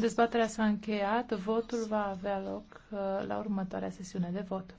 Dezbaterea s-a încheiat. Votul va avea loc uh, la următoarea sesiune de vot.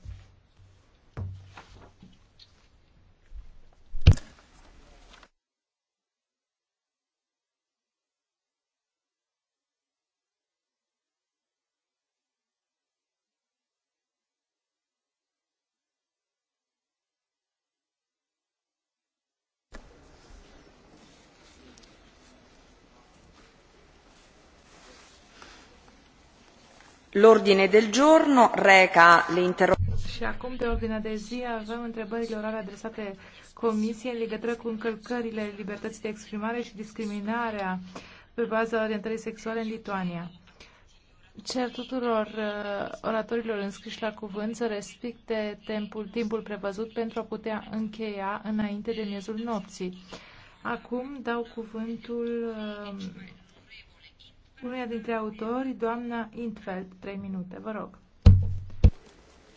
L'ordine del giorno reca le interrogazioni. Și acum pe ordinea de zi avem întrebările orale adresate Comisiei în legătură cu încălcările libertății de exprimare și discriminarea pe baza orientării sexuale în Lituania. Cer tuturor uh, oratorilor înscriși la cuvânt să respecte timpul, timpul prevăzut pentru a putea încheia înainte de miezul nopții. Acum dau cuvântul uh, unuia dintre autori, doamna Intfeld. Trei minute, vă rog.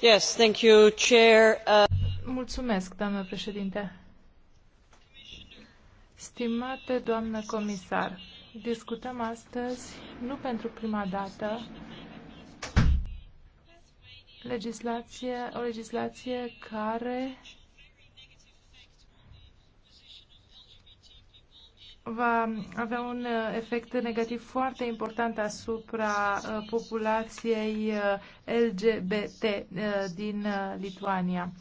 Yes, thank you, Chair. Uh... Mulțumesc, doamnă președinte. Stimate doamnă comisar, discutăm astăzi, nu pentru prima dată, legislație, o legislație care va avea un uh, efect negativ foarte important asupra uh, populației uh, LGBT din Lituania.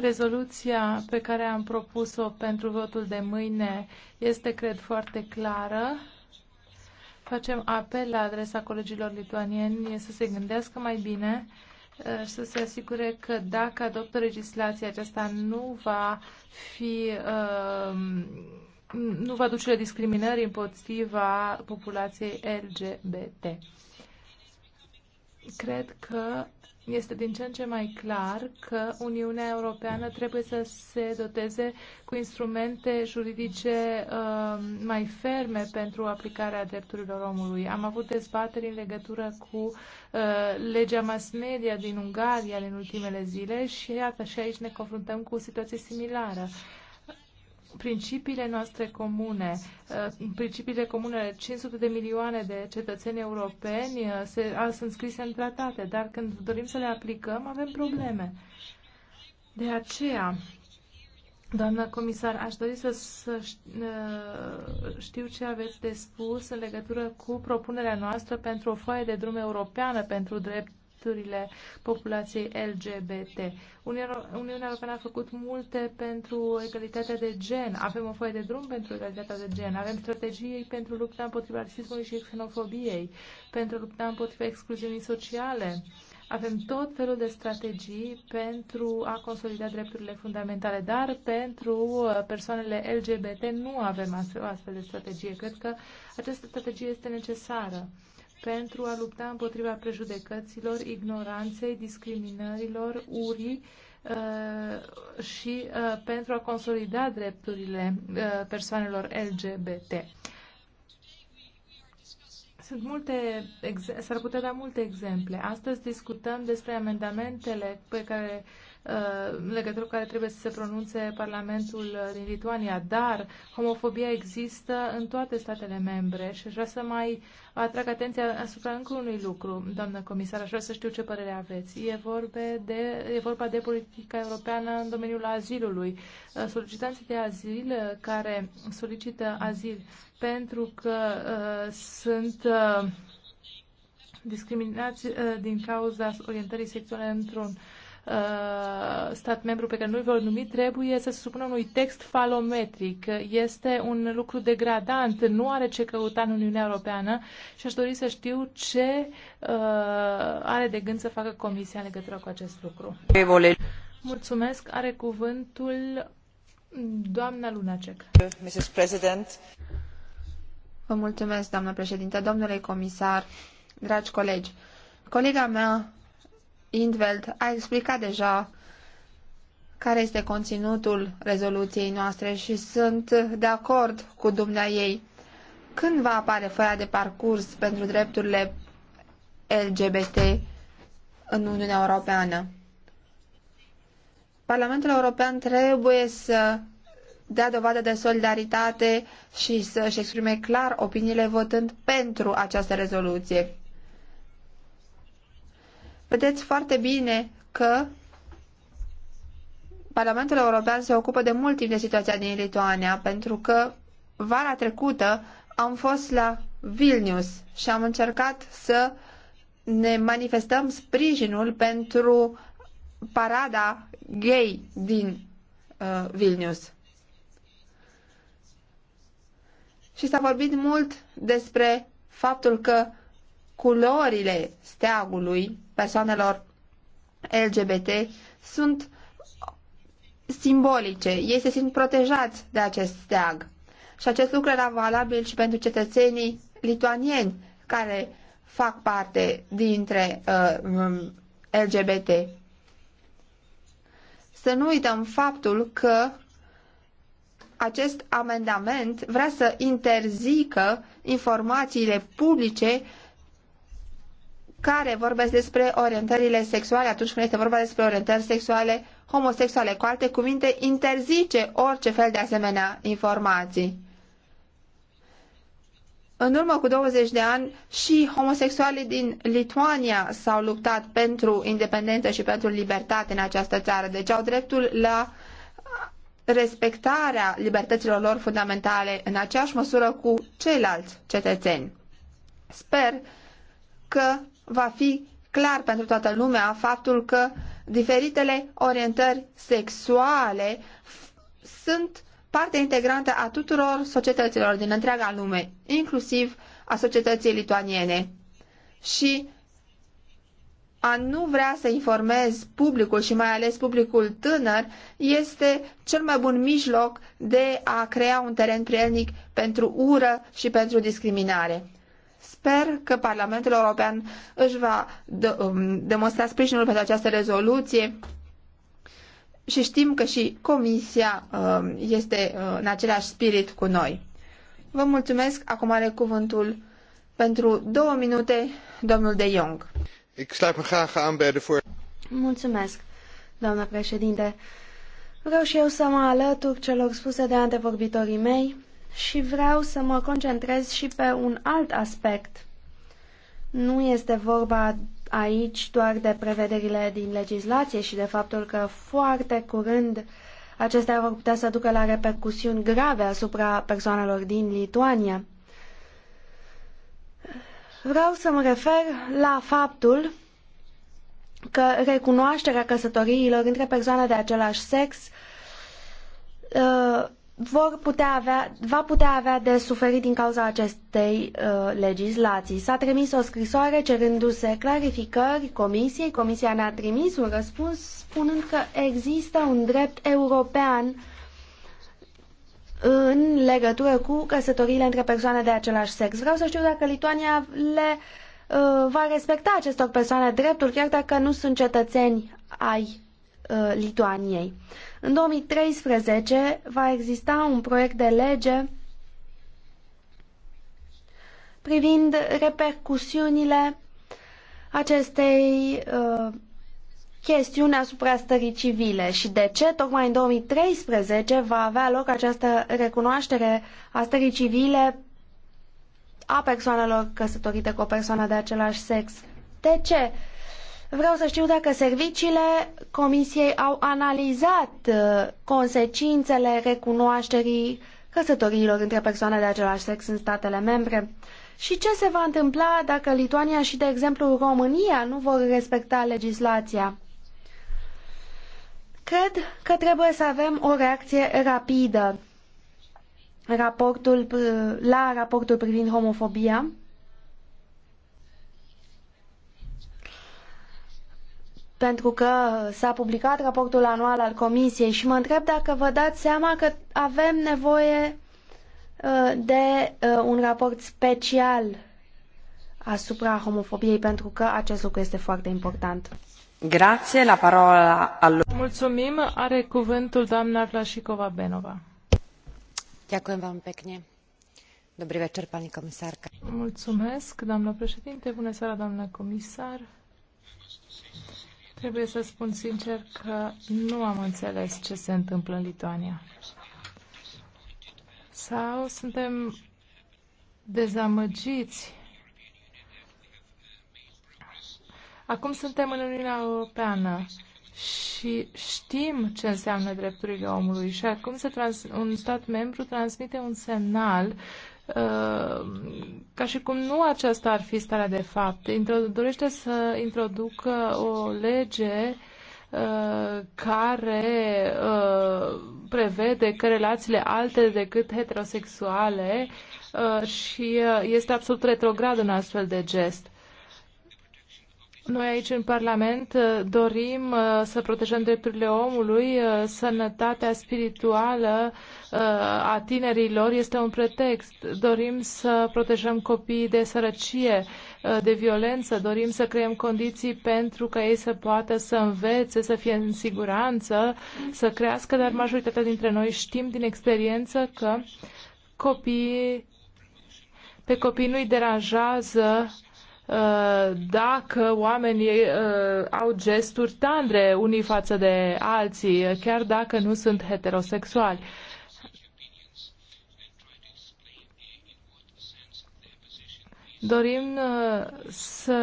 Rezoluția pe care am propus-o pentru votul de mâine este, cred, foarte clară. Facem apel la adresa colegilor lituanieni să se gândească mai bine Eh, să se asigure că dacă adoptă legislația aceasta nu va fi ehm, nu va duce la discriminări împotriva populației LGBT. Cred că este din ce în ce mai clar că Uniunea Europeană trebuie să se doteze cu instrumente juridice uh, mai ferme pentru aplicarea drepturilor omului. Am avut dezbateri în legătură cu uh, legea mass media din Ungaria în ultimele zile și iată și aici ne confruntăm cu o situație similară. Uh, principiile noastre comune, uh, principiile comune 500 de milioane de cetățeni europeni uh, se, a, sunt scrise în tratate, dar când dorim să le aplicăm, avem probleme. De aceea, Doamna comisar, aș dori să, să uh, știu ce aveți de spus în legătură cu propunerea noastră pentru o foaie de drum europeană pentru drept drepturile populației LGBT. Uniunea Europeană a făcut multe pentru egalitatea de gen. Avem o foaie de drum pentru egalitatea de gen. Avem strategii pentru lupta împotriva rasismului și xenofobiei, pentru lupta împotriva excluziunii sociale. Avem tot felul de strategii pentru a consolida drepturile fundamentale, dar pentru uh, persoanele LGBT nu avem astfel, o astfel de strategie. Cred că această strategie este necesară pentru a lupta împotriva prejudecăților, ignoranței, discriminărilor, urii uh, și uh, pentru a consolida drepturile uh, persoanelor LGBT. Sunt multe, s-ar putea da multe exemple. Astăzi discutăm despre amendamentele pe care uh, în uh, legătură cu care trebuie să se pronunțe Parlamentul din Lituania, dar homofobia există în toate statele membre și aș vrea să mai atrag atenția asupra încă unui lucru, doamnă comisar, aș vrea să știu ce părere aveți. E, vorbe de, e vorba de politica europeană în domeniul azilului. Uh, solicitanții de azil uh, care solicită azil pentru că uh, sunt uh, discriminați uh, din cauza orientării sexuale într-un uh, Uh, stat membru pe care nu-l vor numi trebuie să se supună unui text falometric. Este un lucru degradant, nu are ce căuta în Uniunea Europeană și aș dori să știu ce uh, are de gând să facă Comisia în legătură cu acest lucru. Mulțumesc. Are cuvântul doamna Lunacek. Mrs. President. Vă mulțumesc, doamna președinte, domnule comisar, dragi colegi. Colega mea Indveld a explicat deja care este conținutul rezoluției noastre și sunt de acord cu dumnea ei. Când va apare foaia de parcurs pentru drepturile LGBT în Uniunea Europeană? Parlamentul European trebuie să dea dovadă de solidaritate și să-și exprime clar opiniile votând pentru această rezoluție. Vedeți foarte bine că Parlamentul European se ocupă de mult timp de situația din Lituania, pentru că vara trecută am fost la Vilnius și am încercat să ne manifestăm sprijinul pentru parada gay din uh, Vilnius. Și s-a vorbit mult despre faptul că culorile steagului persoanelor LGBT sunt simbolice. Ei se simt protejați de acest steag. Și acest lucru era valabil și pentru cetățenii lituanieni care fac parte dintre uh, LGBT. Să nu uităm faptul că acest amendament vrea să interzică informațiile publice care vorbesc despre orientările sexuale atunci când este vorba despre orientări sexuale homosexuale. Cu alte cuvinte, interzice orice fel de asemenea informații. În urmă cu 20 de ani, și homosexualii din Lituania s-au luptat pentru independență și pentru libertate în această țară, deci au dreptul la respectarea libertăților lor fundamentale în aceeași măsură cu ceilalți cetățeni. Sper că va fi clar pentru toată lumea faptul că diferitele orientări sexuale sunt parte integrantă a tuturor societăților din întreaga lume, inclusiv a societății lituaniene. Și a nu vrea să informez publicul și mai ales publicul tânăr este cel mai bun mijloc de a crea un teren prielnic pentru ură și pentru discriminare. Sper că Parlamentul European își va um, demonstra sprijinul pentru această rezoluție și știm că și Comisia um, este uh, în același spirit cu noi. Vă mulțumesc. Acum are cuvântul pentru două minute domnul De Jong. Mulțumesc, doamna președinte. Vreau și eu să mă alătur celor spuse de antevorbitorii mei și vreau să mă concentrez și pe un alt aspect. Nu este vorba aici doar de prevederile din legislație și de faptul că foarte curând acestea vor putea să ducă la repercusiuni grave asupra persoanelor din Lituania. Vreau să mă refer la faptul că recunoașterea căsătoriilor între persoane de același sex uh, vor putea avea, va putea avea de suferit din cauza acestei uh, legislații. S-a trimis o scrisoare cerându-se clarificări comisiei. Comisia ne-a trimis un răspuns spunând că există un drept european în legătură cu căsătoriile între persoane de același sex. Vreau să știu dacă Lituania le uh, va respecta acestor persoane dreptul, chiar dacă nu sunt cetățeni ai Uh, Lituaniei. În 2013 va exista un proiect de lege privind repercusiunile acestei uh, chestiuni asupra stării civile și de ce tocmai în 2013 va avea loc această recunoaștere a stării civile a persoanelor căsătorite cu o persoană de același sex. De ce? Vreau să știu dacă serviciile Comisiei au analizat uh, consecințele recunoașterii căsătoriilor între persoane de același sex în statele membre și ce se va întâmpla dacă Lituania și, de exemplu, România nu vor respecta legislația. Cred că trebuie să avem o reacție rapidă raportul, uh, la raportul privind homofobia pentru că s-a publicat raportul anual al Comisiei și mă întreb dacă vă dați seama că avem nevoie uh, de uh, un raport special asupra homofobiei, pentru că acest lucru este foarte important. Grație, la parola al... Mulțumim, are cuvântul doamna Vlașicova Benova. Ďakujem vám pekne. Dobrý večer, pani komisárka. Mulțumesc, doamnă președinte, bună seara, doamnă comisar. Trebuie să spun sincer că nu am înțeles ce se întâmplă în Lituania. Sau suntem dezamăgiți. Acum suntem în Uniunea Europeană și știm ce înseamnă drepturile omului și acum se trans- un stat membru transmite un semnal uh, Uh, ca și cum nu aceasta ar fi starea de fapt. Dorește să introducă o lege uh, care uh, prevede că relațiile alte decât heterosexuale și este absolut retrograd un astfel de gest. Noi aici în Parlament uh, dorim uh, să protejăm drepturile omului, uh, sănătatea spirituală a tinerilor este un pretext. Dorim să protejăm copiii de sărăcie, de violență, dorim să creăm condiții pentru ca ei să poată să învețe, să fie în siguranță, să crească, dar majoritatea dintre noi știm din experiență că copiii, pe copii nu-i deranjează Uh, dacă oamenii uh, au gesturi tandre unii față de alții, uh, chiar dacă nu sunt heterosexuali. Dorim să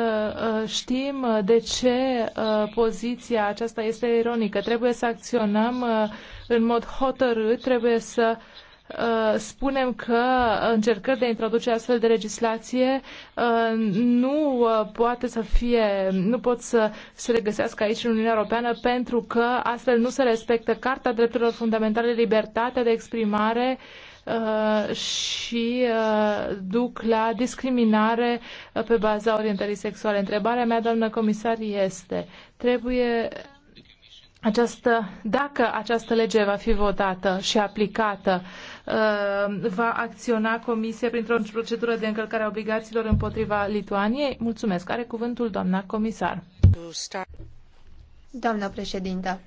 știm de ce poziția aceasta este ironică. Trebuie să acționăm în mod hotărât, trebuie să Uh, spunem că încercări de a introduce astfel de legislație uh, nu uh, poate să fie, nu pot să se regăsească aici în Uniunea Europeană pentru că astfel nu se respectă Carta Drepturilor Fundamentale, libertatea de exprimare și duc la discriminare pe baza orientării sexuale. Întrebarea mea, doamnă comisar, este trebuie această, dacă această lege va fi votată și aplicată, uh, va acționa Comisia printr-o procedură de încălcare a obligațiilor împotriva Lituaniei? Mulțumesc. Are cuvântul doamna comisar. Doamna președintă,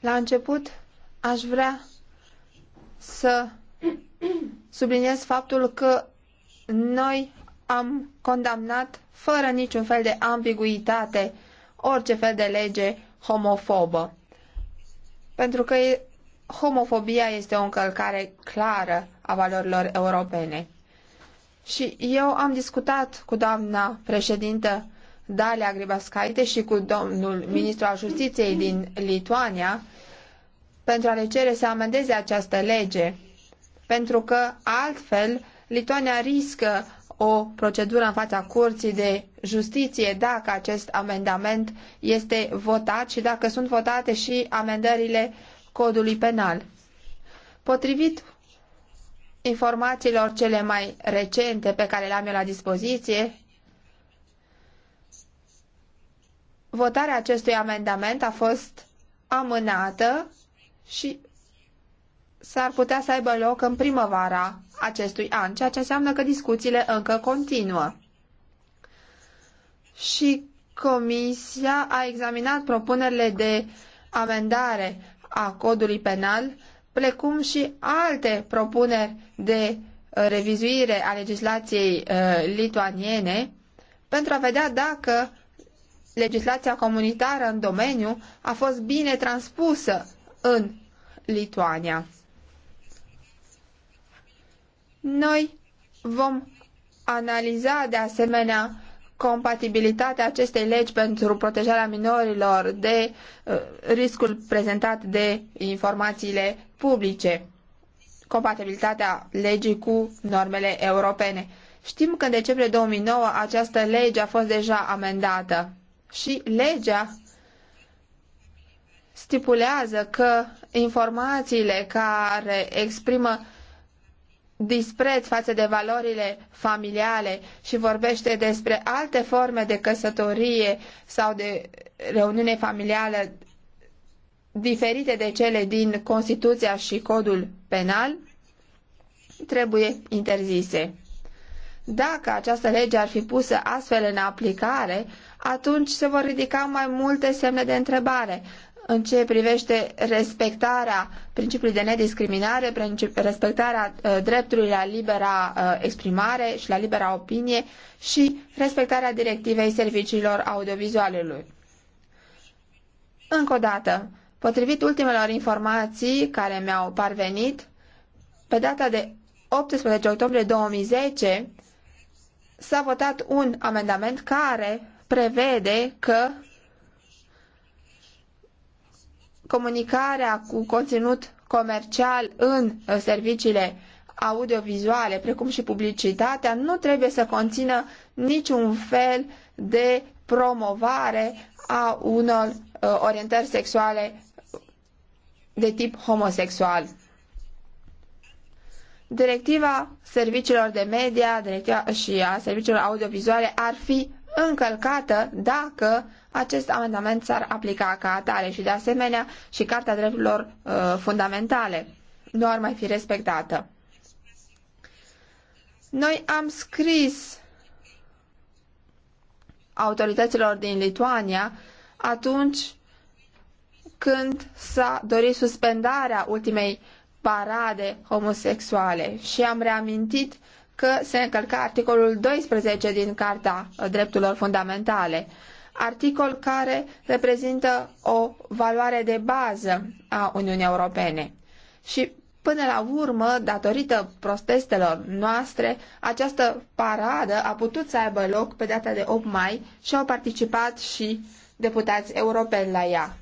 la început aș vrea să subliniez faptul că noi am condamnat fără niciun fel de ambiguitate orice fel de lege homofobă. Pentru că homofobia este o încălcare clară a valorilor europene. Și eu am discutat cu doamna președintă Dalia Gribascaite și cu domnul ministru al justiției din Lituania pentru a le cere să amendeze această lege, pentru că altfel Lituania riscă o procedură în fața Curții de Justiție dacă acest amendament este votat și dacă sunt votate și amendările codului penal. Potrivit informațiilor cele mai recente pe care le-am eu la dispoziție, votarea acestui amendament a fost amânată și s-ar putea să aibă loc în primăvara acestui an, ceea ce înseamnă că discuțiile încă continuă. Și Comisia a examinat propunerile de amendare a codului penal, precum și alte propuneri de revizuire a legislației uh, lituaniene, pentru a vedea dacă legislația comunitară în domeniu a fost bine transpusă în Lituania. Noi vom analiza de asemenea compatibilitatea acestei legi pentru protejarea minorilor de uh, riscul prezentat de informațiile publice, compatibilitatea legii cu normele europene. Știm că în decembrie 2009 această lege a fost deja amendată și legea stipulează că informațiile care exprimă dispreț față de valorile familiale și vorbește despre alte forme de căsătorie sau de reuniune familială diferite de cele din Constituția și Codul Penal, trebuie interzise. Dacă această lege ar fi pusă astfel în aplicare, atunci se vor ridica mai multe semne de întrebare, în ce privește respectarea principiului de nediscriminare, respectarea uh, dreptului la libera uh, exprimare și la libera opinie și respectarea directivei serviciilor audiovizualului. Încă o dată, potrivit ultimelor informații care mi-au parvenit, pe data de 18 octombrie 2010 s-a votat un amendament care prevede că comunicarea cu conținut comercial în uh, serviciile audiovizuale, precum și publicitatea, nu trebuie să conțină niciun fel de promovare a unor uh, orientări sexuale de tip homosexual. Directiva serviciilor de media directiva și a serviciilor audiovizuale ar fi încălcată dacă acest amendament s-ar aplica ca atare și, de asemenea, și Carta Drepturilor uh, Fundamentale nu ar mai fi respectată. Noi am scris autorităților din Lituania atunci când s-a dorit suspendarea ultimei parade homosexuale și am reamintit că se încălca articolul 12 din Carta Drepturilor Fundamentale articol care reprezintă o valoare de bază a Uniunii Europene. Și Până la urmă, datorită protestelor noastre, această paradă a putut să aibă loc pe data de 8 mai și au participat și deputați europeni la ea.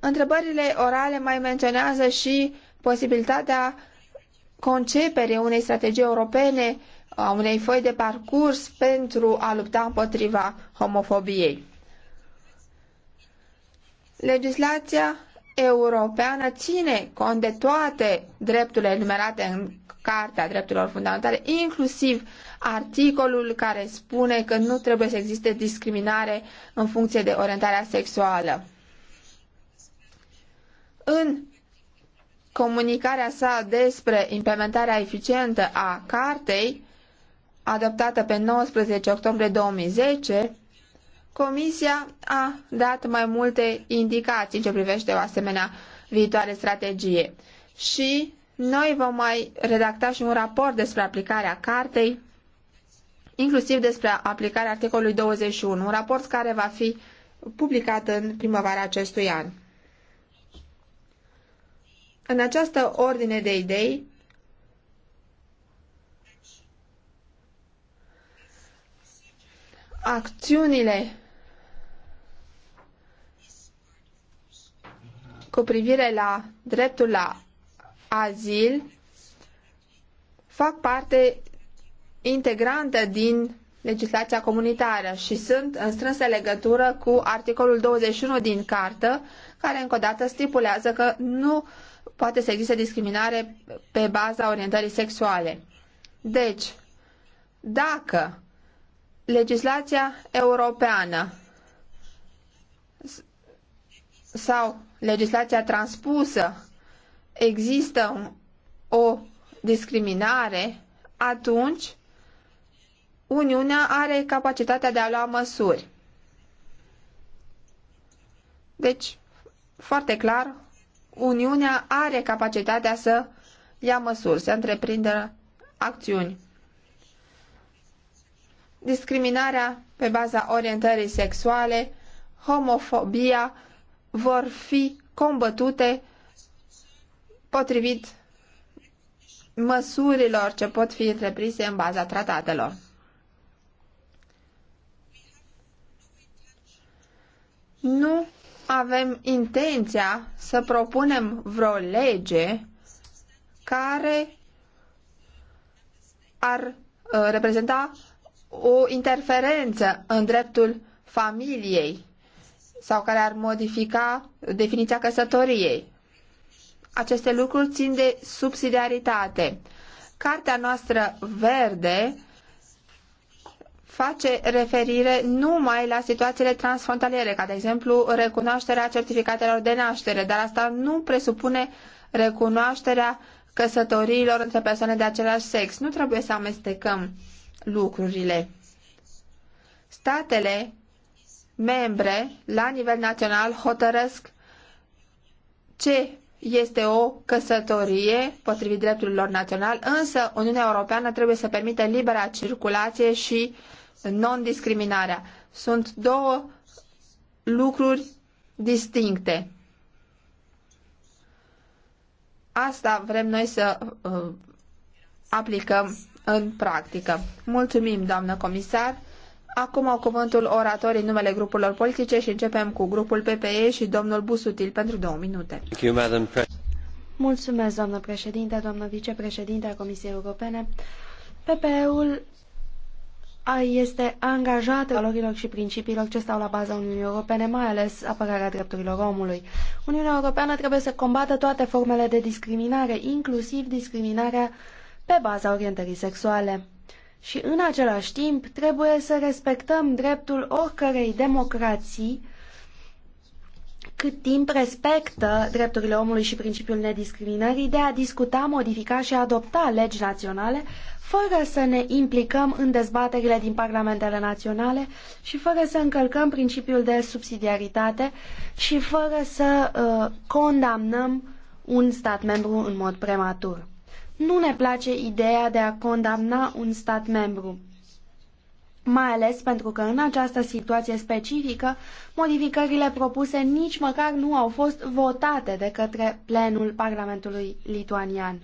Întrebările orale mai menționează și posibilitatea conceperii unei strategii europene a unei foi de parcurs pentru a lupta împotriva homofobiei. Legislația europeană ține cont de toate drepturile enumerate în Cartea Drepturilor Fundamentale, inclusiv articolul care spune că nu trebuie să existe discriminare în funcție de orientarea sexuală. În comunicarea sa despre implementarea eficientă a cartei, adoptată pe 19 octombrie 2010, Comisia a dat mai multe indicații în ce privește o asemenea viitoare strategie și noi vom mai redacta și un raport despre aplicarea cartei, inclusiv despre aplicarea articolului 21, un raport care va fi publicat în primăvara acestui an. În această ordine de idei, acțiunile cu privire la dreptul la azil fac parte integrantă din legislația comunitară și sunt în strânsă legătură cu articolul 21 din cartă, care încă o dată stipulează că nu poate să existe discriminare pe baza orientării sexuale. Deci, dacă legislația europeană sau legislația transpusă există o discriminare, atunci Uniunea are capacitatea de a lua măsuri. Deci, foarte clar, Uniunea are capacitatea să ia măsuri, să întreprindă acțiuni discriminarea pe baza orientării sexuale, homofobia vor fi combătute potrivit măsurilor ce pot fi întreprise în baza tratatelor. Nu avem intenția să propunem vreo lege care ar uh, reprezenta o interferență în dreptul familiei sau care ar modifica definiția căsătoriei. Aceste lucruri țin de subsidiaritate. Cartea noastră verde face referire numai la situațiile transfrontaliere, ca de exemplu recunoașterea certificatelor de naștere, dar asta nu presupune recunoașterea căsătoriilor între persoane de același sex. Nu trebuie să amestecăm lucrurile. Statele membre, la nivel național, hotărăsc ce este o căsătorie potrivit drepturilor național, însă Uniunea Europeană trebuie să permită libera circulație și non-discriminarea. Sunt două lucruri distincte. Asta vrem noi să uh, aplicăm în practică. Mulțumim, doamnă comisar. Acum au cuvântul oratorii numele grupurilor politice și începem cu grupul PPE și domnul Busutil pentru două minute. Mulțumesc, doamnă președinte, doamnă vicepreședinte a Comisiei Europene. PPE-ul este angajată valorilor și principiilor ce stau la baza Uniunii Europene, mai ales apărarea drepturilor omului. Uniunea Europeană trebuie să combată toate formele de discriminare, inclusiv discriminarea uh, pe baza orientării sexuale. Și în același timp trebuie să respectăm dreptul oricărei democrații cât timp respectă drepturile omului și principiul nediscriminării de a discuta, modifica și adopta legi naționale fără să ne implicăm în dezbaterile din parlamentele naționale și fără să încălcăm principiul de subsidiaritate și fără să uh, condamnăm un stat membru în mod prematur. Nu ne place ideea de a condamna un stat membru, mai ales pentru că în această situație specifică, modificările propuse nici măcar nu au fost votate de către plenul Parlamentului lituanian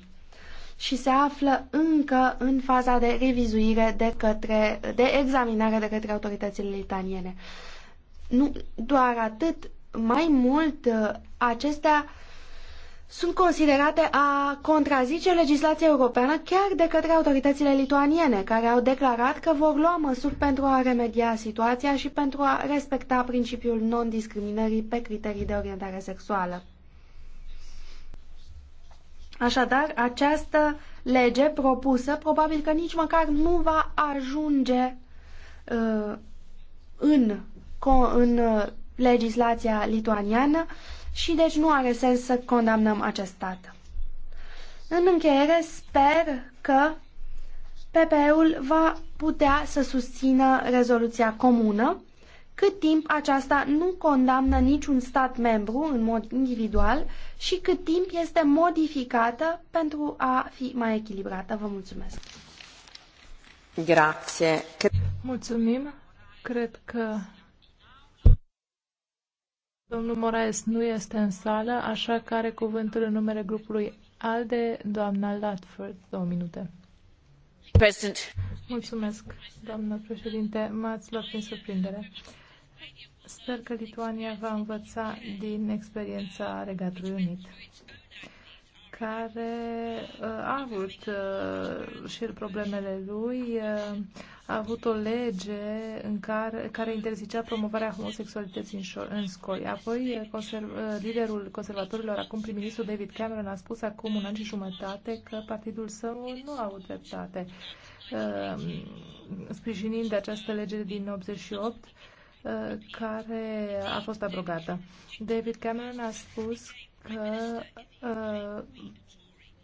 și se află încă în faza de revizuire de către, de examinare de către autoritățile lituaniene. Nu doar atât, mai mult acestea sunt considerate a contrazice legislația europeană chiar de către autoritățile lituaniene, care au declarat că vor lua măsuri pentru a remedia situația și pentru a respecta principiul non-discriminării pe criterii de orientare sexuală. Așadar, această lege propusă probabil că nici măcar nu va ajunge uh, în, în uh, legislația lituaniană și deci nu are sens să condamnăm acest stat. În încheiere, sper că PPE-ul va putea să susțină rezoluția comună, cât timp aceasta nu condamnă niciun stat membru în mod individual și cât timp este modificată pentru a fi mai echilibrată. Vă mulțumesc! Grazie! Mulțumim! Cred că Domnul Moraes nu este în sală, așa că are cuvântul în numele grupului ALDE, doamna Latford, două minute. Present. Mulțumesc, doamnă președinte, m-ați luat prin surprindere. Sper că Lituania va învăța din experiența Regatului Unit care uh, a avut uh, și el problemele lui, uh, a avut o lege în care, care interzicea promovarea homosexualității în, în scoi. Apoi, conserv, liderul conservatorilor, acum prim-ministru David Cameron, a spus acum un an și jumătate că partidul său nu a avut dreptate. Sprijinind această lege din 88, care a fost abrogată. David Cameron a spus că uh,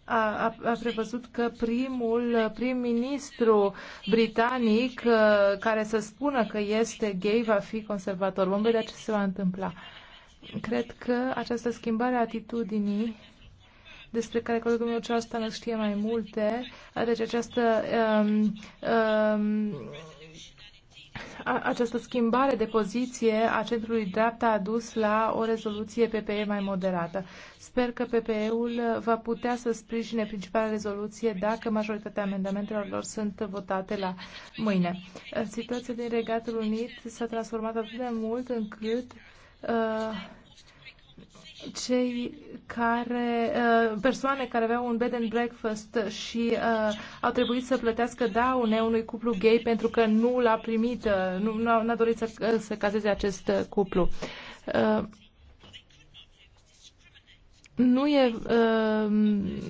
a, a prevăzut că primul prim-ministru britanic uh, care să spună că este gay va fi conservator. Vom vedea ce se va întâmpla. Cred că această schimbare a atitudinii despre care colegul meu Charles Tanner știe mai multe, deci această um, um, această schimbare de poziție a centrului dreapta a dus la o rezoluție PPE mai moderată. Sper că PPE-ul va putea să sprijine principala rezoluție dacă majoritatea amendamentelor lor sunt votate la mâine. Situația din Regatul Unit s-a transformat atât de mult încât uh, cei care, uh, persoane care aveau un bed and breakfast și uh, au trebuit să plătească daune unui cuplu gay pentru că nu l-a primit, uh, nu, nu a dorit să, uh, să cazeze acest cuplu. Uh, nu, e, uh,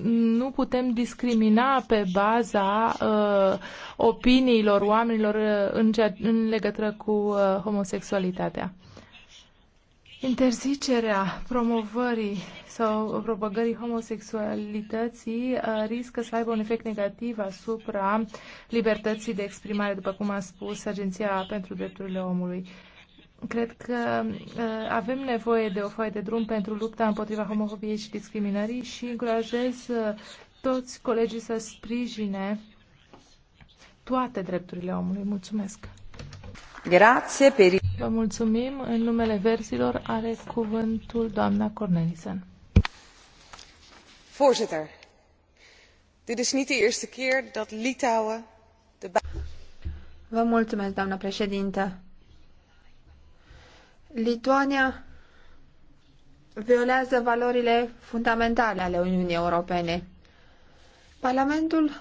nu putem discrimina pe baza uh, opiniilor oamenilor în, cea, în legătură cu uh, homosexualitatea. Interzicerea promovării sau propagării homosexualității uh, riscă să aibă un efect negativ asupra libertății de exprimare, după cum a spus Agenția pentru Drepturile Omului. Cred că uh, avem nevoie de o foaie de drum pentru lupta împotriva homofobiei și discriminării și încurajez uh, toți colegii să sprijine toate drepturile omului. Mulțumesc! Grazie per... Vă mulțumim. În numele verzilor are cuvântul doamna Cornelissen. Voorzitter, dit is niet de eerste keer dat Litouwen de... Vă mulțumesc, doamnă președintă. Lituania violează valorile fundamentale ale Uniunii Europene. Parlamentul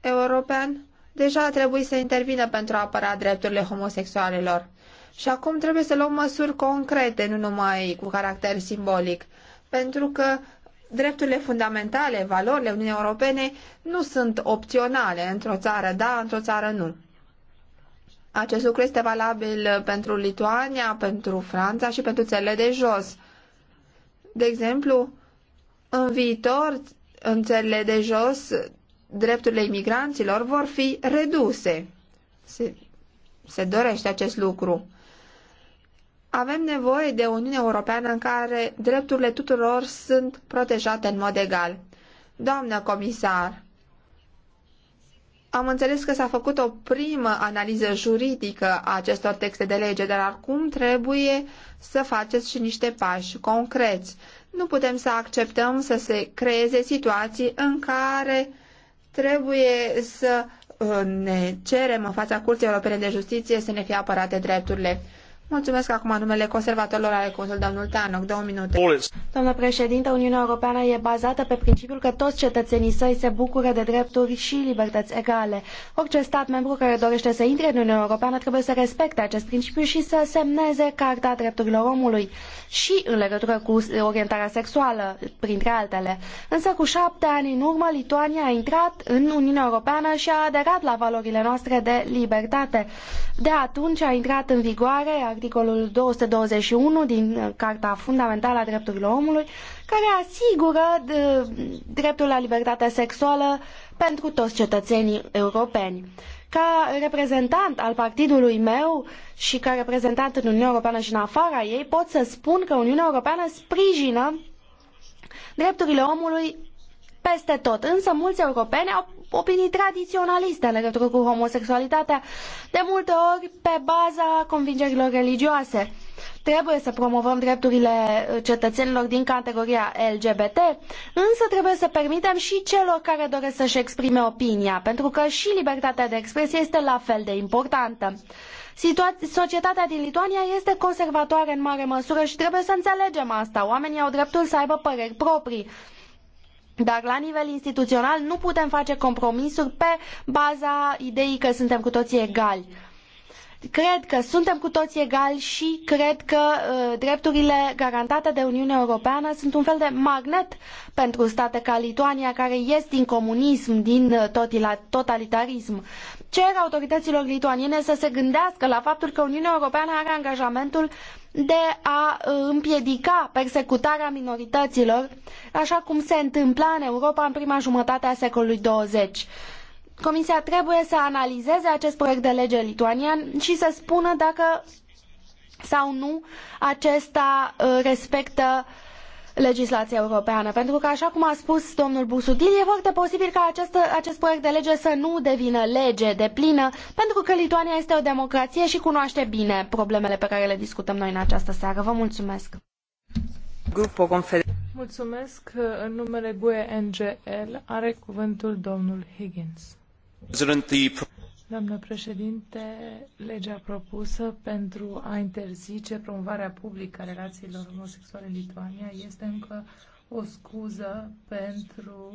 European deja a trebuit să intervină pentru a apăra drepturile homosexualilor. Și acum trebuie să luăm măsuri concrete, nu numai cu caracter simbolic, pentru că drepturile fundamentale, valorile Uniunii Europene nu sunt opționale într-o țară da, într-o țară nu. Acest lucru este valabil pentru Lituania, pentru Franța și pentru țările de jos. De exemplu, în viitor, în țările de jos, drepturile imigranților vor fi reduse. Se, se dorește acest lucru. Avem nevoie de o Uniune Europeană în care drepturile tuturor sunt protejate în mod egal. Doamnă comisar, am înțeles că s-a făcut o primă analiză juridică a acestor texte de lege, dar acum trebuie să faceți și niște pași concreți. Nu putem să acceptăm să se creeze situații în care Trebuie să uh, ne cerem în fața Curții Europene de Justiție să ne fie apărate drepturile. Mulțumesc acum numele conservatorilor ale Consul, domnul Tanoc, două minute. Domnule președinte, Uniunea Europeană e bazată pe principiul că toți cetățenii săi se bucură de drepturi și libertăți egale. Orice stat membru care dorește să intre în Uniunea Europeană trebuie să respecte acest principiu și să semneze Carta Drepturilor Omului și în legătură cu orientarea sexuală, printre altele. Însă cu șapte ani în urmă, Lituania a intrat în Uniunea Europeană și a aderat la valorile noastre de libertate. De atunci a intrat în vigoare articolul 221 din uh, Carta Fundamentală a Drepturilor Omului, care asigură uh, dreptul la libertatea sexuală pentru toți cetățenii europeni. Ca reprezentant al partidului meu și ca reprezentant în Uniunea Europeană și în afara ei, pot să spun că Uniunea Europeană sprijină drepturile omului peste tot, însă mulți europeni au opinii tradiționaliste în legătură cu homosexualitatea, de multe ori pe baza convingerilor religioase. Trebuie să promovăm drepturile cetățenilor din categoria LGBT, însă trebuie să permitem și celor care doresc să-și exprime opinia, pentru că și libertatea de expresie este la fel de importantă. Situa- societatea din Lituania este conservatoare în mare măsură și trebuie să înțelegem asta. Oamenii au dreptul să aibă păreri proprii. Dar la nivel instituțional nu putem face compromisuri pe baza ideii că suntem cu toții egali. Cred că suntem cu toții egali și cred că uh, drepturile garantate de Uniunea Europeană sunt un fel de magnet pentru state ca Lituania, care ies din comunism, din uh, totalitarism cer autorităților lituaniene să se gândească la faptul că Uniunea Europeană are angajamentul de a uh, împiedica persecutarea minorităților, așa cum se întâmpla în Europa în prima jumătate a secolului 20. Comisia trebuie să analizeze acest proiect de lege lituanian și să spună dacă sau nu acesta uh, respectă uh, legislația europeană. Pentru că, așa cum a spus domnul Busutil, e foarte posibil ca această, acest proiect de lege să nu devină lege de plină, pentru că Lituania este o democrație și cunoaște bine problemele pe care le discutăm noi în această seară. Vă mulțumesc! Mulțumesc. În numele GUE NGL are cuvântul domnul Higgins. Presidente... Doamnă președinte, legea propusă pentru a interzice promovarea publică a relațiilor homosexuale în Lituania este încă o scuză pentru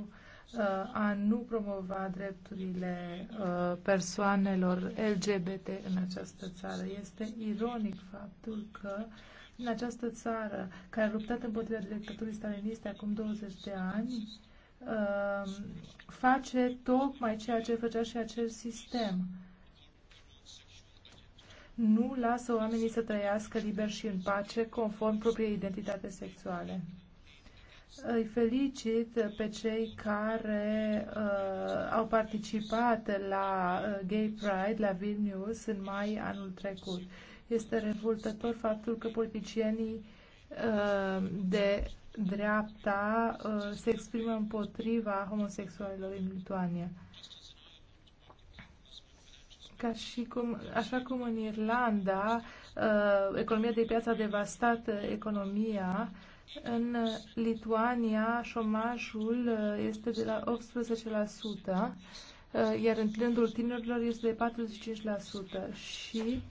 uh, a nu promova drepturile uh, persoanelor LGBT în această țară. Este ironic faptul că în această țară, care a luptat împotriva dictaturii staliniste acum 20 de ani, Um, face tocmai ceea ce făcea și acel sistem. Nu lasă oamenii să trăiască liber și în pace, conform propriei identitate sexuale. Îi felicit pe cei care uh, au participat la uh, Gay Pride la Vilnius în mai anul trecut. Este revoltător faptul că politicienii Uh, de dreapta uh, se exprimă împotriva homosexualilor în Lituania. Ca și cum, așa cum în Irlanda, uh, economia de piață a devastat economia, în Lituania șomajul este de la 18%, iar în rândul tinerilor este de 45% și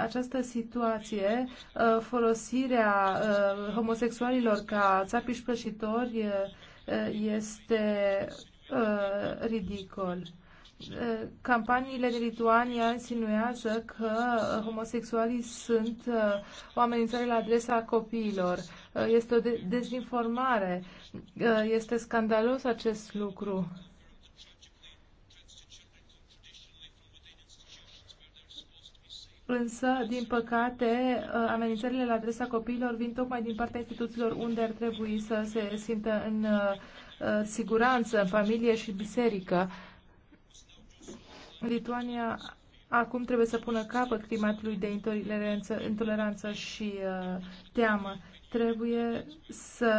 această situație, folosirea homosexualilor ca țapi prăjitori este ridicol. Campaniile din Lituania insinuează că homosexualii sunt o amenințare la adresa copiilor. Este o dezinformare. Este scandalos acest lucru Însă, din păcate, uh, amenințările la adresa copiilor vin tocmai din partea instituțiilor unde ar trebui să se simtă în uh, uh, siguranță, în familie și biserică. Lituania acum trebuie să pună capăt climatului de intoleranță, intoleranță și uh, teamă. Trebuie să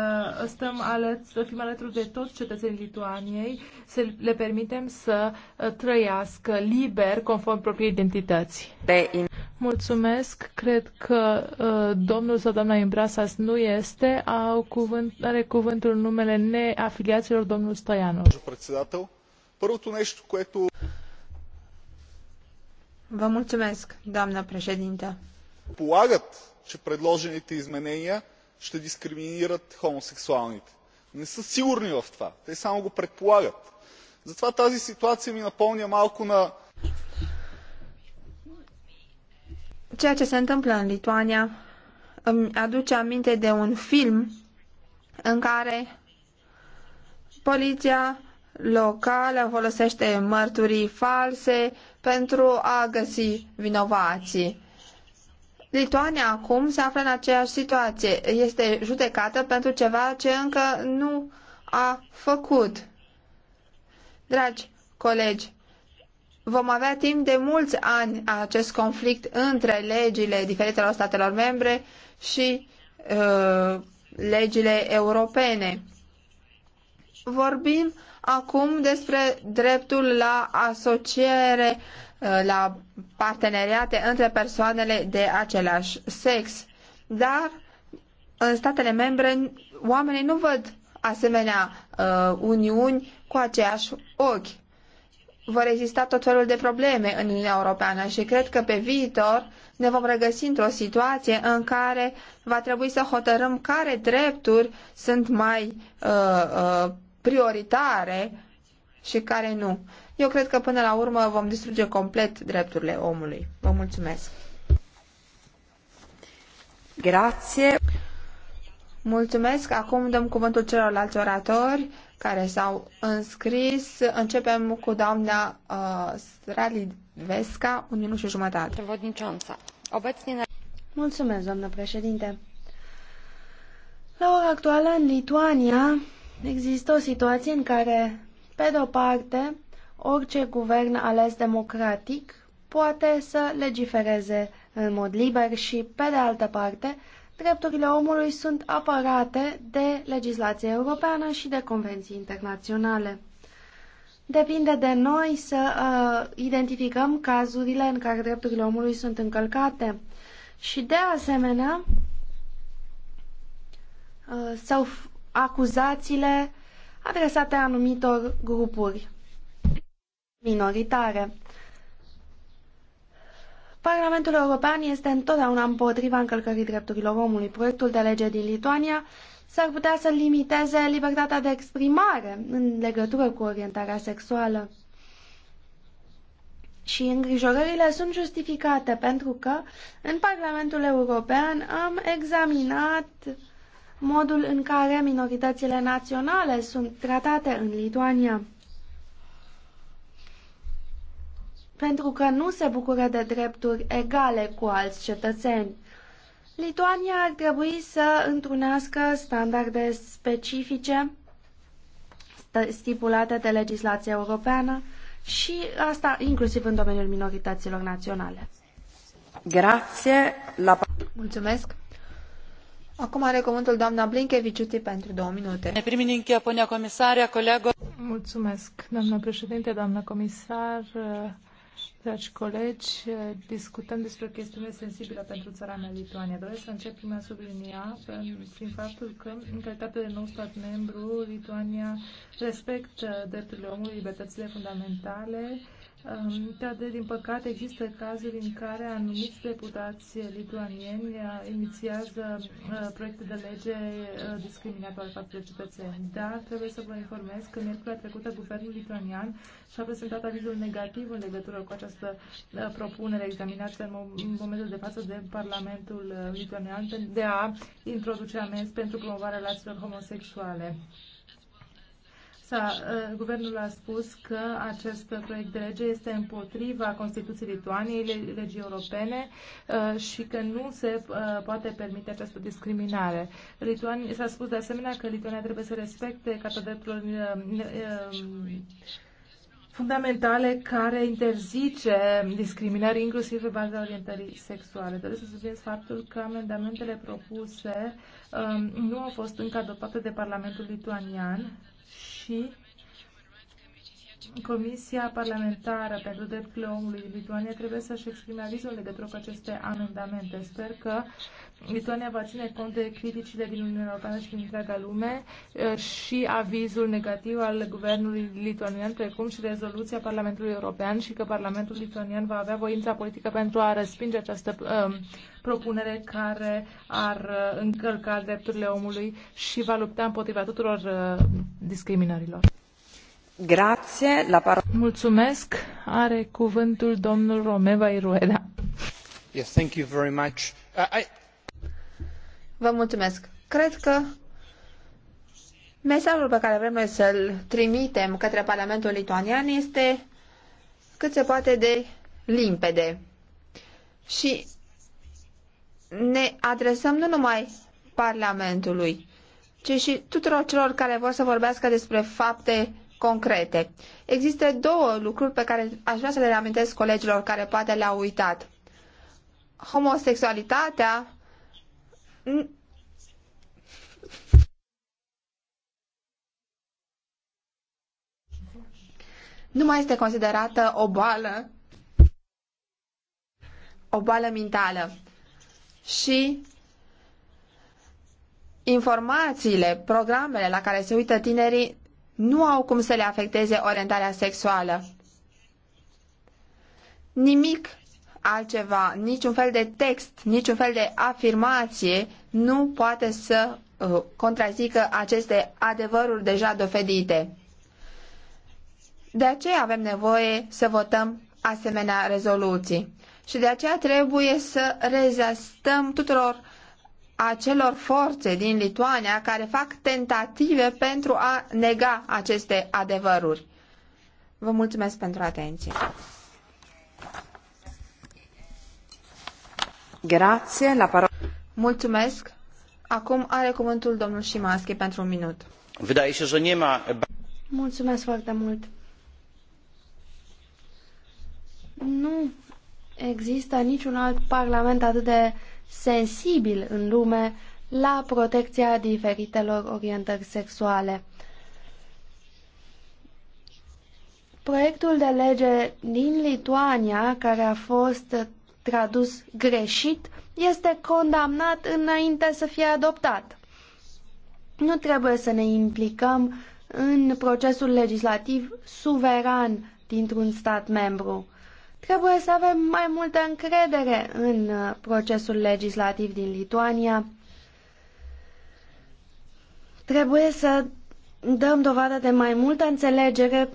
stăm alăt, să fim alături de toți cetățenii Lituaniei, să le permitem să trăiască liber, conform propriei identități. De in- Mulțumesc. Cred că uh, domnul sau doamna Imbrasas nu este. Au cuvânt, are cuvântul numele neafiliaților domnul Stoianu. Vă mulțumesc, doamnă președintă. Полагат, че предложените изменения ще дискриминират хомосексуалните. Не са сигурни в това. Те само го предполагат. Затова тази ситуация ми напомня малко на Ceea ce se întâmplă în Lituania îmi aduce aminte de un film în care poliția locală folosește mărturii false pentru a găsi vinovații. Lituania acum se află în aceeași situație. Este judecată pentru ceva ce încă nu a făcut. Dragi colegi, Vom avea timp de mulți ani acest conflict între legile diferitelor statelor membre și uh, legile europene. Vorbim acum despre dreptul la asociere, uh, la parteneriate între persoanele de același sex. Dar în statele membre oamenii nu văd asemenea uh, uniuni cu aceiași ochi vor exista tot felul de probleme în Uniunea Europeană și cred că pe viitor ne vom regăsi într-o situație în care va trebui să hotărâm care drepturi sunt mai uh, uh, prioritare și care nu. Eu cred că până la urmă vom distruge complet drepturile omului. Vă mulțumesc! Grație! Mulțumesc! Acum dăm cuvântul celorlalți oratori care s-au înscris. Începem cu doamna uh, Stralivesca, un minut și jumătate. Mulțumesc, doamnă președinte. La ora actuală, în Lituania, există o situație în care, pe de-o parte, orice guvern ales democratic poate să legifereze în mod liber și, pe de altă parte, drepturile omului sunt apărate de legislația europeană și de convenții internaționale. Depinde de noi să uh, identificăm cazurile în care drepturile omului sunt încălcate și, de asemenea, uh, sau acuzațiile adresate anumitor grupuri minoritare. Parlamentul European este întotdeauna împotriva încălcării drepturilor omului. Proiectul de lege din Lituania s-ar putea să limiteze libertatea de exprimare în legătură cu orientarea sexuală. Și îngrijorările sunt justificate pentru că în Parlamentul European am examinat modul în care minoritățile naționale sunt tratate în Lituania. pentru că nu se bucură de drepturi egale cu alți cetățeni. Lituania ar trebui să întrunească standarde specifice stipulate de legislația europeană și asta inclusiv în domeniul minorităților naționale. Grație la... Mulțumesc. Acum are cuvântul doamna Blinkeviciuti pentru două minute. Mulțumesc, doamna președinte, doamna comisar, Dragi colegi, discutăm despre o chestiune sensibilă pentru țara mea, Lituania. Doresc să încep prin a sublinia prin faptul că, în calitate de nou stat membru, Lituania respectă drepturile omului, libertățile fundamentale, dar, din păcate, există cazuri în care anumiți deputați lituanieni uh, inițiază uh, proiecte de lege uh, discriminatoare față de cetățeni. Dar trebuie să vă informez că miercurea trecută guvernul lituanian și-a prezentat avizul negativ în legătură cu această propunere examinată în momentul de față de Parlamentul lituanian de a introduce amenzi pentru promovarea relațiilor homosexuale. S-a, uh, guvernul a spus că acest proiect de lege este împotriva Constituției Lituaniei, legii europene uh, și că nu se uh, poate permite această discriminare. Lituania, s-a spus de asemenea că Lituania trebuie să respecte ca drepturi fundamentale care interzice discriminări inclusiv pe baza orientării sexuale. Doresc să subliniez faptul că amendamentele propuse um, nu au fost încă adoptate de Parlamentul lituanian și Comisia Parlamentară pentru Drepturile Omului din Lituania trebuie să-și exprime avizul în legătură cu aceste amendamente. Sper că Lituania va ține cont de criticile din Uniunea Europeană și din întreaga lume eh, și avizul negativ al guvernului lituanian, precum și rezoluția Parlamentului European și că Parlamentul lituanian va avea voința politică pentru a respinge această um, propunere care ar eh, încălca drepturile omului și va lupta împotriva tuturor uh, discriminărilor. Mulțumesc. Are cuvântul domnul Romeva Irueda. Yes, thank you very much. Uh, I... Vă mulțumesc. Cred că mesajul pe care vrem noi să-l trimitem către Parlamentul lituanian este cât se poate de limpede. Și ne adresăm nu numai Parlamentului, ci și tuturor celor care vor să vorbească despre fapte concrete. Există două lucruri pe care aș vrea să le reamintesc colegilor care poate le-au uitat. Homosexualitatea nu mai este considerată o boală, o boală mentală. Și informațiile, programele la care se uită tinerii nu au cum să le afecteze orientarea sexuală. Nimic altceva, niciun fel de text, niciun fel de afirmație nu poate să uh, contrazică aceste adevăruri deja dovedite. De aceea avem nevoie să votăm asemenea rezoluții. Și de aceea trebuie să rezistăm tuturor acelor forțe din Lituania care fac tentative pentru a nega aceste adevăruri. Vă mulțumesc pentru atenție. Grație, la parola. Mulțumesc. Acum are cuvântul domnul Șimaschi pentru un minut. Wydaje się, że nie Mulțumesc foarte mult. Nu există niciun alt parlament atât de sensibil în lume la protecția diferitelor orientări sexuale. Proiectul de lege din Lituania, care a fost tradus greșit, este condamnat înainte să fie adoptat. Nu trebuie să ne implicăm în procesul legislativ suveran dintr-un stat membru. Trebuie să avem mai multă încredere în uh, procesul legislativ din Lituania. Trebuie să dăm dovadă de mai multă înțelegere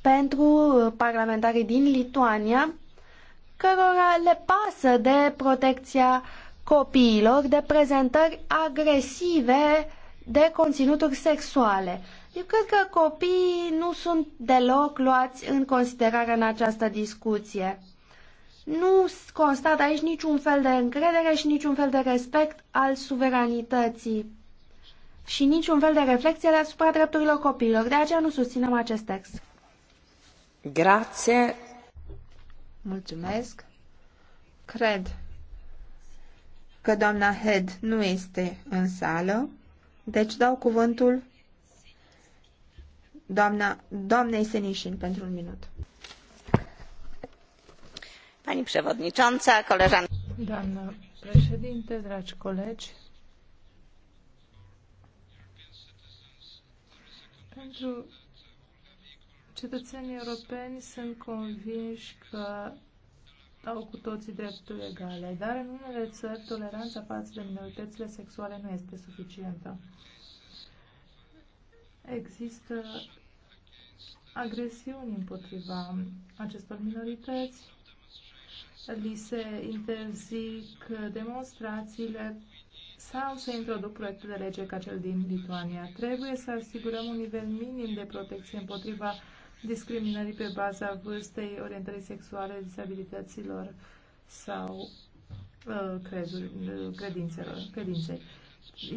pentru uh, parlamentarii din Lituania, cărora le pasă de protecția copiilor, de prezentări agresive de conținuturi sexuale. Eu cred că copiii nu sunt deloc luați în considerare în această discuție. Nu constat aici niciun fel de încredere și niciun fel de respect al suveranității și niciun fel de reflexie asupra drepturilor copiilor. De aceea nu susținem acest text. Grație. Mulțumesc. Cred că doamna Head nu este în sală, deci dau cuvântul doamna, doamnei Senișin pentru un minut. Pani przewodnicząca, koleżanki. Doamna președinte, dragi colegi, pentru cetățenii europeni sunt convinși că au cu toții drepturi egale, dar în unele țări toleranța față de minoritățile sexuale nu este suficientă. Există agresiuni împotriva acestor minorități, li se interzic demonstrațiile sau se introduc proiecte de lege ca cel din Lituania. Trebuie să asigurăm un nivel minim de protecție împotriva discriminării pe baza vârstei, orientării sexuale, disabilităților sau uh, crezul, uh, credințelor, credinței.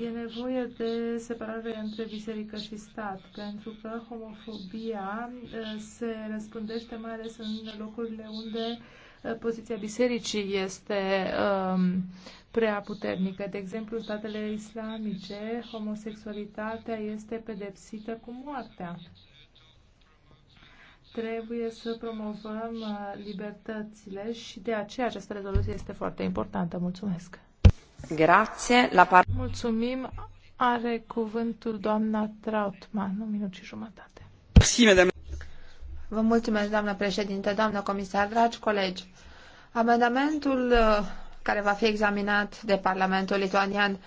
E nevoie de separare între biserică și stat, pentru că homofobia uh, se răspândește mai ales în locurile unde uh, poziția bisericii este um, prea puternică. De exemplu, în statele islamice, homosexualitatea este pedepsită cu moartea. Trebuie să promovăm uh, libertățile și de aceea această rezoluție este foarte importantă. Mulțumesc! Mulțumim. Are cuvântul doamna Trautmann, un minut și jumătate. Merci, madame. Vă mulțumesc, doamnă președinte, doamnă comisar, dragi colegi. Amendamentul uh, care va fi examinat de Parlamentul lituanian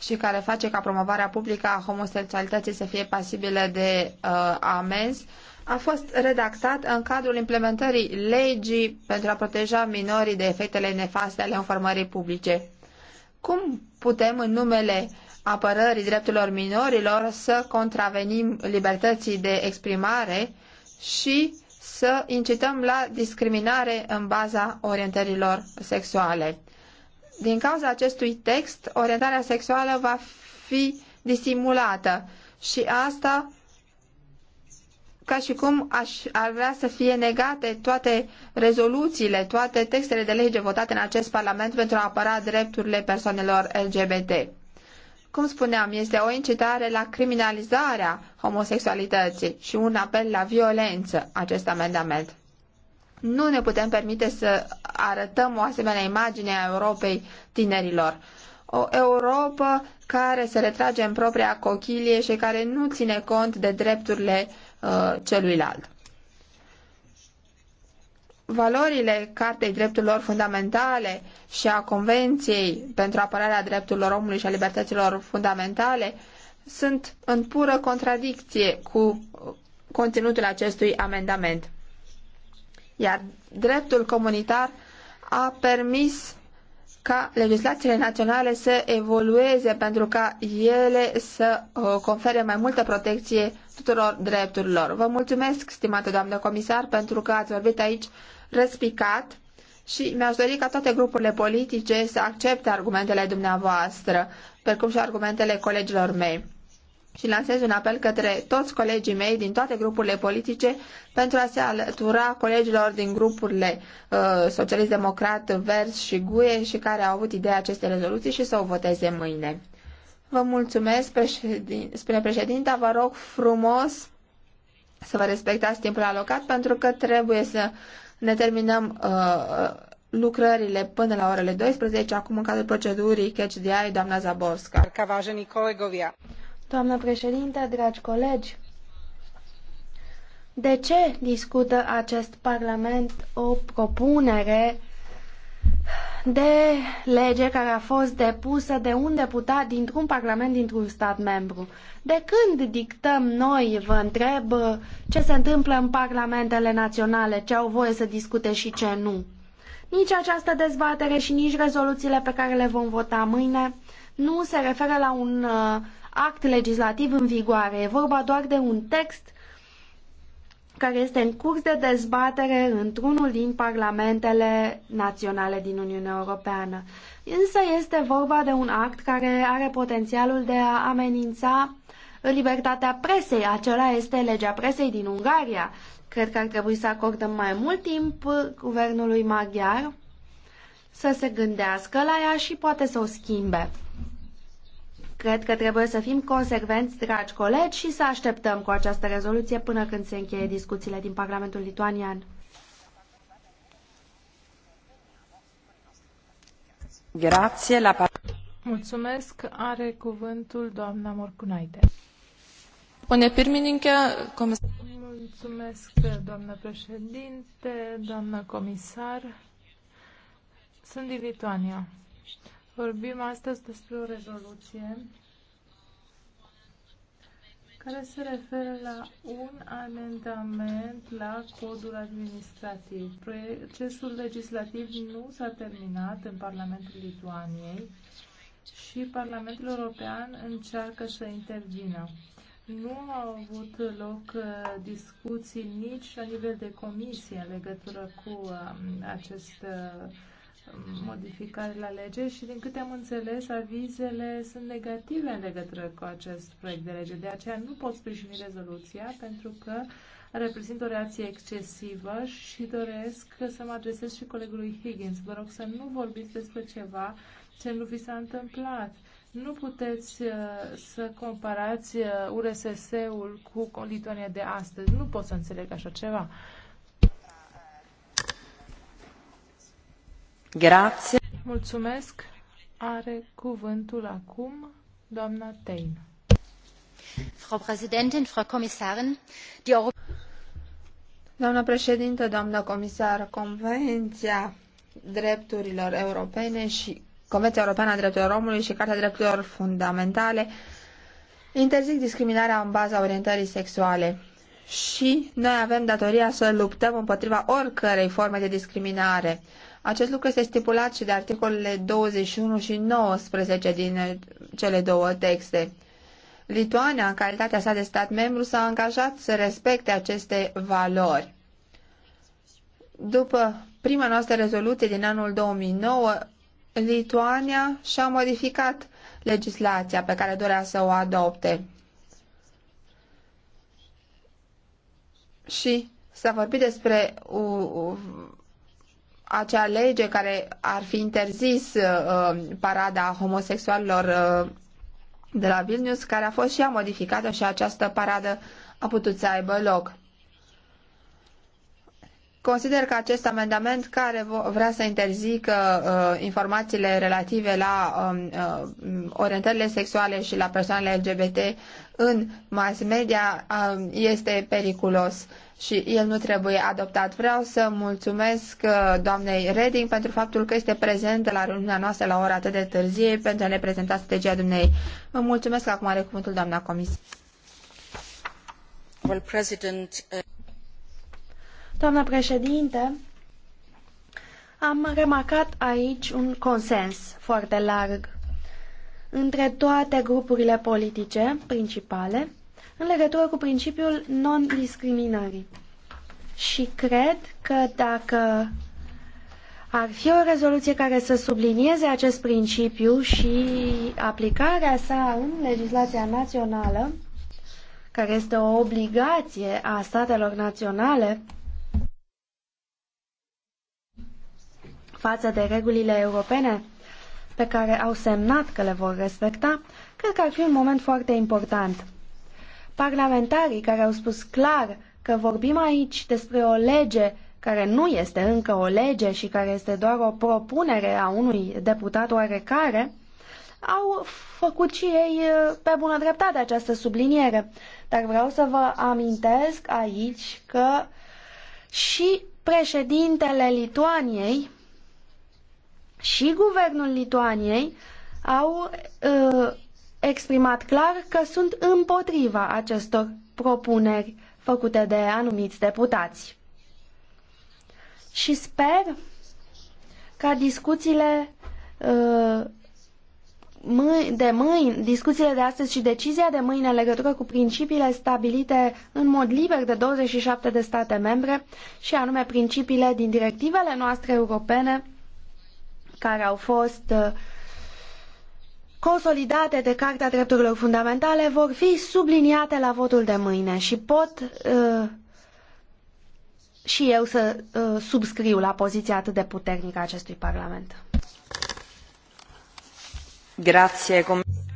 și care face ca promovarea publică a homosexualității să fie pasibilă de uh, amenzi, a fost redactat în cadrul implementării legii pentru a proteja minorii de efectele nefaste ale informării publice. Cum putem în numele apărării drepturilor minorilor să contravenim libertății de exprimare și să incităm la discriminare în baza orientărilor sexuale. Din cauza acestui text, orientarea sexuală va fi disimulată și asta ca și cum aș, ar vrea să fie negate toate rezoluțiile, toate textele de lege votate în acest Parlament pentru a apăra drepturile persoanelor LGBT. Cum spuneam, este o incitare la criminalizarea homosexualității și un apel la violență acest amendament. Nu ne putem permite să arătăm o asemenea imagine a Europei tinerilor. O Europa care se retrage în propria cochilie și care nu ține cont de drepturile uh, Uh, celuilalt. Valorile Cartei Drepturilor Fundamentale și a Convenției pentru apărarea drepturilor omului și a libertăților fundamentale sunt în pură contradicție cu conținutul acestui amendament. Iar dreptul comunitar a permis ca legislațiile naționale să evolueze pentru ca ele să uh, confere mai multă protecție tuturor drepturilor. Vă mulțumesc, stimată doamnă comisar, pentru că ați vorbit aici răspicat și mi-aș dori ca toate grupurile politice să accepte argumentele dumneavoastră, precum și argumentele colegilor mei. Și lansez un apel către toți colegii mei din toate grupurile politice pentru a se alătura colegilor din grupurile uh, socialist-democrat, vers și GUE și care au avut ideea acestei rezoluții și să o voteze mâine. Vă mulțumesc, președin... spune președinta. Vă rog frumos să vă respectați timpul alocat pentru că trebuie să ne terminăm uh, uh lucrările până la orele 12, acum în cadrul procedurii Catch the Eye, doamna Zaborska. Doamnă președinte, dragi colegi, de ce discută acest Parlament o propunere de lege care a fost depusă de un deputat dintr-un parlament dintr-un stat membru. De când dictăm noi, vă întreb, ce se întâmplă în parlamentele naționale, ce au voie să discute și ce nu? Nici această dezbatere și nici rezoluțiile pe care le vom vota mâine nu se referă la un uh, act legislativ în vigoare. E vorba doar de un text care este în curs de dezbatere într-unul din parlamentele naționale din Uniunea Europeană. Însă este vorba de un act care are potențialul de a amenința libertatea presei. Acela este legea presei din Ungaria. Cred că ar trebui să acordăm mai mult timp guvernului maghiar să se gândească la ea și poate să o schimbe. Cred că trebuie să fim consecvenți, dragi colegi, și să așteptăm cu această rezoluție până când se încheie discuțiile din Parlamentul lituanian. Grație la Mulțumesc. Are cuvântul doamna Morcunaite. Pone pirmininke, comisar. Mulțumesc, doamna președinte, doamnă comisar. Sunt din Lituania. Vorbim astăzi despre o rezoluție care se referă la un amendament la codul administrativ. Procesul legislativ nu s-a terminat în Parlamentul Lituaniei și Parlamentul European încearcă să intervină. Nu au avut loc uh, discuții nici la nivel de comisie în legătură cu um, acest uh, modificare la lege și, din câte am înțeles, avizele sunt negative în legătură cu acest proiect de lege. De aceea nu pot sprijini rezoluția pentru că reprezintă o reacție excesivă și doresc să mă adresez și colegului Higgins. Vă rog să nu vorbiți despre ceva ce nu vi s-a întâmplat. Nu puteți uh, să comparați uh, URSS-ul cu Lituania de astăzi. Nu pot să înțeleg așa ceva. Uh, Mulțumesc. Are cuvântul acum doamna Tein. Frau Präsidentin, Frau Kommissarin, die Euro Doamna președintă, doamna comisar, Convenția drepturilor europene și Convenția Europeană a Drepturilor Omului și Carta Drepturilor Fundamentale interzic discriminarea în baza orientării sexuale și noi avem datoria să luptăm împotriva oricărei forme de discriminare acest lucru este stipulat și de articolele 21 și 19 din cele două texte. Lituania, în calitatea sa de stat membru, s-a angajat să respecte aceste valori. După prima noastră rezoluție din anul 2009, Lituania și-a modificat legislația pe care dorea să o adopte. Și s-a vorbit despre acea lege care ar fi interzis uh, parada homosexualilor uh, de la Vilnius, care a fost și ea modificată și această paradă a putut să aibă loc. Consider că acest amendament care vrea să interzică uh, informațiile relative la um, uh, orientările sexuale și la persoanele LGBT în mass media uh, este periculos și el nu trebuie adoptat. Vreau să mulțumesc uh, doamnei Reding pentru faptul că este prezentă la reuniunea noastră la ora atât de târzie pentru a ne prezenta strategia dumnei. Vă mulțumesc că acum are cuvântul doamna comis. Well, Doamnă președinte, am remarcat aici un consens foarte larg între toate grupurile politice principale în legătură cu principiul non-discriminării. Și cred că dacă ar fi o rezoluție care să sublinieze acest principiu și aplicarea sa în legislația națională, care este o obligație a statelor naționale față de regulile europene pe care au semnat că le vor respecta, cred că ar fi un moment foarte important. Parlamentarii care au spus clar că vorbim aici despre o lege care nu este încă o lege și care este doar o propunere a unui deputat oarecare, au făcut și ei pe bună dreptate această subliniere. Dar vreau să vă amintesc aici că și președintele Lituaniei și guvernul Lituaniei au uh, exprimat clar că sunt împotriva acestor propuneri făcute de anumiți deputați. Și sper ca discuțiile ă, de mâine, discuțiile de astăzi și decizia de mâine în legătură cu principiile stabilite în mod liber de 27 de state membre și anume principiile din directivele noastre europene care au fost uh, consolidate de Carta Drepturilor Fundamentale vor fi subliniate la votul de mâine și pot uh, și eu să uh, subscriu la poziția atât de puternică a acestui Parlament. Grazie,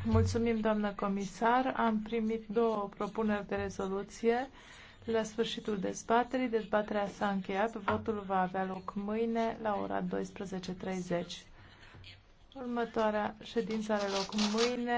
Mulțumim, doamnă comisar. Am primit două propuneri de rezoluție. La sfârșitul dezbaterii, dezbaterea s-a încheiat. Votul va avea loc mâine la ora 12.30. Următoarea ședință are loc mâine.